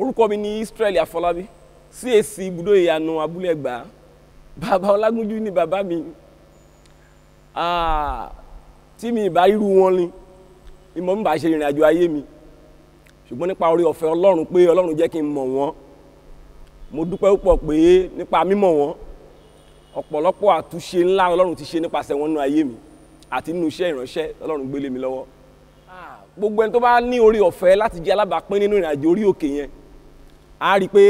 orúkọ mi ní Israel Afọlábí CAC ibùdó ìyanu abúlé bàbá Ọlágúnjú ni bàbá mi tí mi ìbá irú wọn ni ìmọ̀ mi bá ṣe ìrìn àjò ayé mi ṣùgbọ́n nípa orí ọ̀fẹ́ Ọlọ́run pé Ọlọ́run jẹ́ kí n mọ̀ wọ́n mo dúpẹ́ púpọ̀ pé nípa mímọ̀ wọ́n ọ̀pọ̀lọpọ̀ àtúnṣe ńlá Ọlọ́run ti ṣe nípasẹ̀ wọn nínú ayé mi àti nínú iṣẹ́ ìránṣẹ́ Ọlọ́run gbélé mi lọ́wọ́ gbogbo ẹni tó bá ní orí ọ̀fẹ́ láti jẹ́ alábàápín nínú ìrìn àjò orí òkè yẹn a rí i pé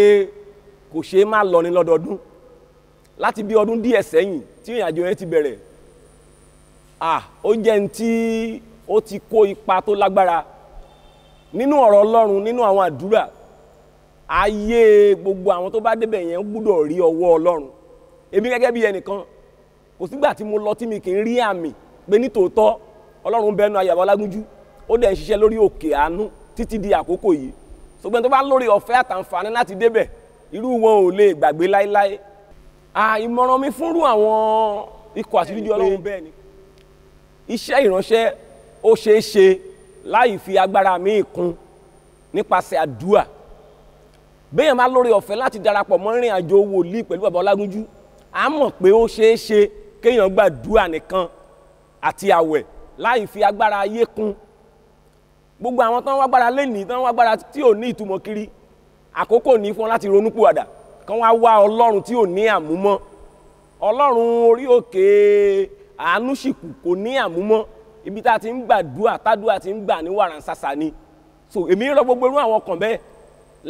kò ṣeé má lọ ní lọ́dọọdún láti bí ọdún díẹ̀ sẹ́yìn tí ìrìnàjò yẹn ti bẹ̀rẹ̀ ah ó jẹ́ ní tí ó ti kó ipa tó lágbára nínú ọ̀rọ̀ Ọlọ́run nínú àwọn àdúrà ayé gbogbo àwọn tó bá débẹ̀ yẹn gbúdọ̀ rí ọwọ́ Ọlọ́run èmi gẹ́gẹ́ bí ẹnìkan kò sígbà tí mo lọ tí mi kì í rí àmì pé nítòótọ́ Ọlọ́run bẹnu ayàwó Ọlágúnjú ó dẹ̀ ń ṣiṣẹ́ lórí òkè àánú títí di àkókò yìí ṣùgbọ́n tó bá lórí ọ̀fẹ́ àtàǹfààní láti débẹ̀ irú wọn ò lè gbàgbé láéláé ìmọ̀ràn mi fúnrú àwọn ikọ̀ àtijọ́ ọlọ́run bẹ́ẹ̀ ni iṣẹ́ ìránṣẹ́ ó ṣeé ṣe láì fi agbára míì kún nípasẹ̀ àdúà béèyàn bá lórí ọ̀fẹ́ láti darapọ̀ mọ́ ìrìn àjò wòlíì pẹ̀lú bàbá Ọlágúnjú a mọ̀ pé ó ṣeé ṣe kéèyàn gbàdúà nìkan àti àwẹ̀ láì fi agbára ayé kún gbogbo àwọn tán wá gbára lẹ́nìí tán wá gbára tí ò ní ìtumọ̀ kiri àkókò ní fún láti ronúpìwàdà kán wá wá ọlọ́run tí ò ní àmúmọ́ ọlọ́run orí òkè àánú kò ní àmúmọ́ ibi tá a ti ń gbàdúrà tádùá ti ń gbà ní wàràǹsàsà ni so èmi rọ gbogbo irú àwọn kan bẹ́ẹ̀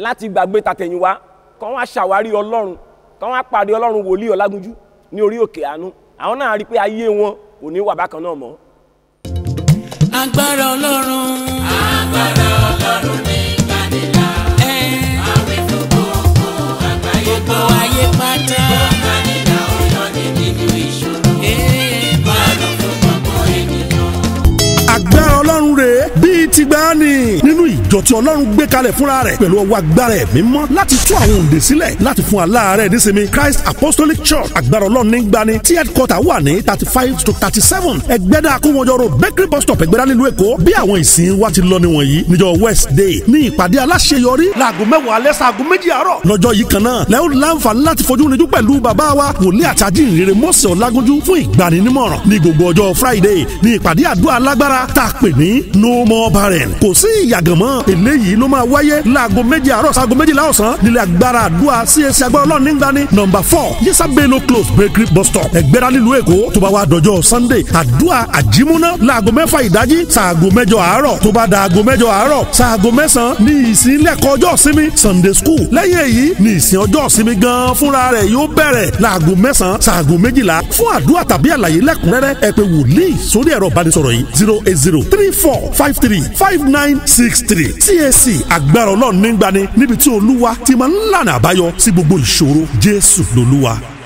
láti gbàgbé tàtẹ̀yìnwá kán wá ṣàwárí ọlọ́run kán wá pàdé ọlọ́run wòlíì ọlágúnjú ní orí òkè àánú àwọn náà rí i pé ayé wọn ò ní wà bákan náà mọ́. agbára ọlọ́run àjọ tí ọlọ́run gbé kalẹ̀ fúnra rẹ̀ pẹ̀lú ọwọ́ agbára ẹ̀mí mọ́ láti tú àwọn òǹdè sílẹ̀ láti fún aláàárẹ̀ nísinmi Christ Apostolic Church agbára ọlọ́run ní gbani tí headquarter wà ní thirty five to thirty seven ẹgbẹ́dá akówọ́njọ road bakery bus stop ẹgbẹ́dá nílùú èkó bí àwọn ìsìn wa ti lọ níwọ̀nyí níjọ́ Wednesday ní ìpàdé aláṣeyọrí láago mẹ́wàá alẹ́ sáago méjì àárọ̀ lọ́jọ́ yìí kan náà lẹ́hìn láǹfààní láti fojú níjú pẹ̀lú bàbá wa wòlíì àtàjìnrere mọ́sẹ̀ ọ̀làgúnjú fún ìgbaninímọ̀ràn ní gbogbo ọjọ́ Friday ní ìpàdé àdúrà alágbára tá a pè ní no more barren kò sí ìyàgànmọ́ eléyìí ló máa wáyé láago méje àárọ̀ sáago méjìlá ọ̀sán nílẹ̀ agbára àdúrà CAC agbára ọlọ́run nígbà ni nọ́mbà four yesa bello close bakery bus stop ẹgbẹ́ra nílùú èkó tó bá wá dọjọ́ sunday àdúrà àjímúná láago mẹ́fà ìdájí sáago mẹ́jọ àárọ̀ tó bá da aago mẹ́jọ àárọ̀ sáago mẹ́sàn-án ní ìsìn lẹ́kọ̀ọ́ ọjọ́ ìsinmi sunday school lẹ́yìn èyí ní ìsìn ọjọ́ ìsinmi gan-an fúnra rẹ̀ yóò bẹ̀rẹ̀ láago mẹ́sàn-án sáago méjìlá fún àdúrà tàbí àlàyé lẹ́kùnrẹ́rẹ́ ẹ pè wòlíì sórí ẹ̀rọ ìbánisọ̀rọ̀ yìí zero eight zero three four five three five nine six three T.S.C. agbára ọlọ́run nígbani níbi tí olúwa ti máa ń lànà àbáyọ sí gbogbo ìṣòro Jésù lolúwa.